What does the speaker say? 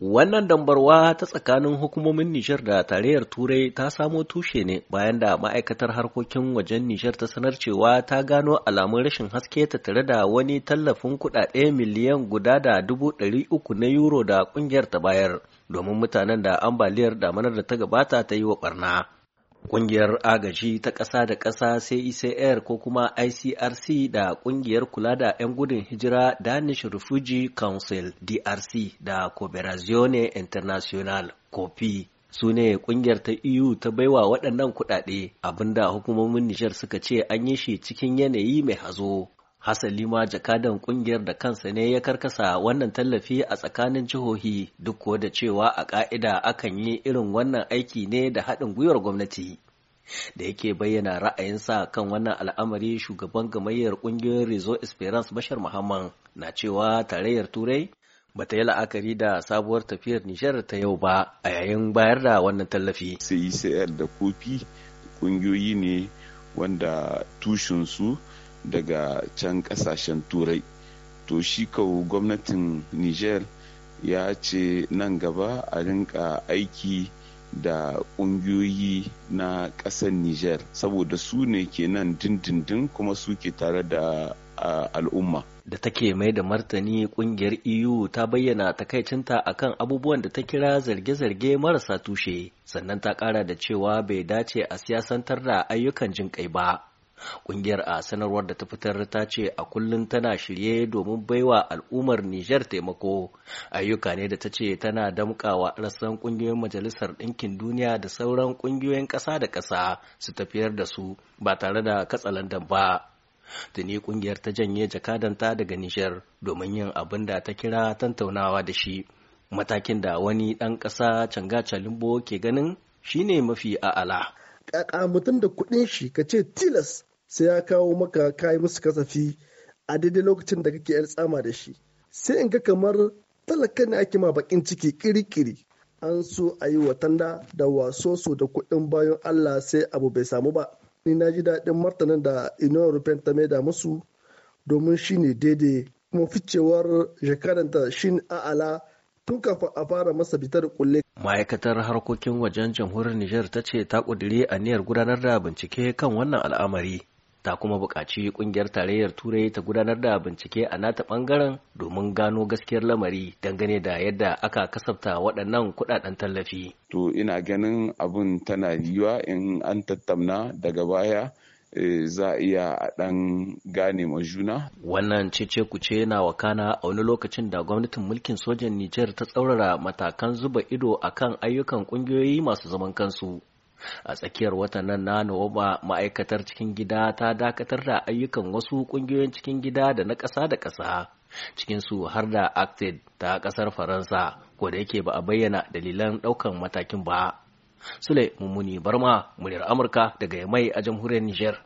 Wannan dambarwa ta tsakanin hukumomin Nijar da tarayyar Turai ta samo tushe ne bayan da ma'aikatar harkokin wajen Nijar ta sanar cewa ta gano alamun rashin haske ta tare da wani tallafin kuɗaɗe miliyan guda da dubu ɗari uku na euro da ƙungiyar ta bayar domin mutanen da ambaliyar damanar da ta gabata ta yi wa ɓarna. Ƙungiyar agaji ta ƙasa da ƙasa CICR e ko kuma ICRC da ƙungiyar kula da 'yan gudun hijira Danish Refugee Council DRC da Cooperazione International COPI su ne kungiyar ta EU ta baiwa waɗannan kuɗaɗe abinda hukumomin Nijar suka ce an yi shi cikin yanayi mai hazo hasali ma jakadan kungiyar da kansa ne ya karkasa wannan tallafi a tsakanin jihohi duk ko da cewa a ka'ida akan yi irin wannan aiki ne da haɗin gwiwar gwamnati da yake bayyana ra'ayinsa kan wannan al'amari shugaban gamayyar kungiyar rezo esperance bashar muhammad na cewa tarayyar turai ba ta yi la'akari da sabuwar tafiyar nijar ta yau ba a yayin bayar da wannan tallafi sai da kofi kungiyoyi ne wanda tushensu daga can kasashen turai to shi kawo gwamnatin niger ya ce nan gaba a rinka aiki da ƙungiyoyi na ƙasar niger saboda su ne ke nan dindindin kuma su ke tare da al'umma da take mai da martani kungiyar EU ta bayyana takaicinta a kan abubuwan da ta kira zarge-zarge marasa tushe sannan ta kara da cewa bai dace a siyasantar da ayyukan jinƙai ba Ƙungiyar a sanarwar da ta fitar ta ce a kullum tana shirye domin baiwa al'ummar Nijar taimako. Ayyuka ne da ta ce tana damƙawa rassan ƙungiyoyin Majalisar Ɗinkin Duniya da sauran ƙungiyoyin ƙasa da ƙasa su tafiyar da su ba tare da katsalandan ba. Tuni ƙungiyar ta janye jakadanta daga Nijar domin yin abin da ta kira tantaunawa da shi. Matakin da wani ɗan ƙasa canga Calimbo ke ganin shine mafi a'ala. kaka mutum da kuɗin shi ka ce tilas sai ya kawo maka kayi musu kasafi a daidai lokacin da kake yar tsama da shi sai in ga kamar talaka ne ake ma bakin ciki kirikiri an so a yi watanda da waso so da kuɗin bayan allah sai abu bai samu ba ni na ji daɗin martanin da ino rufin ta da musu domin shi ne daidai kuma ficewar jakaranta shin a'ala tun kafin a fara masa bitar kulle ma'aikatar harkokin wajen jamhuriyar nijar ta ce ta ƙudiri aniyar gudanar da bincike kan wannan al'amari ta kuma buƙaci ƙungiyar tarayyar turai ta gudanar da bincike a nata ɓangaren domin gano gaskiyar lamari dangane da yadda aka kasafta waɗannan kuɗaɗen tallafi to ina ganin abun tana yiwa in an tattauna daga baya Eh, za a iya a ɗan gane ma juna. Wannan cece kuce na wakana a wani lokacin da gwamnatin mulkin sojan Nijar ta tsaurara matakan zuba ido akan ayyukan ƙungiyoyi masu zaman kansu. A tsakiyar watan nan na Nuwamba ma'aikatar cikin gida ta dakatar da ayyukan wasu ƙungiyoyin cikin gida da na ƙasa da ƙasa. su har da acted ta ƙasar faransa ko da yake ba a bayyana dalilan ɗaukan matakin ba sule mummuni barma muryar amurka daga mai a jamhuriyar Nijar.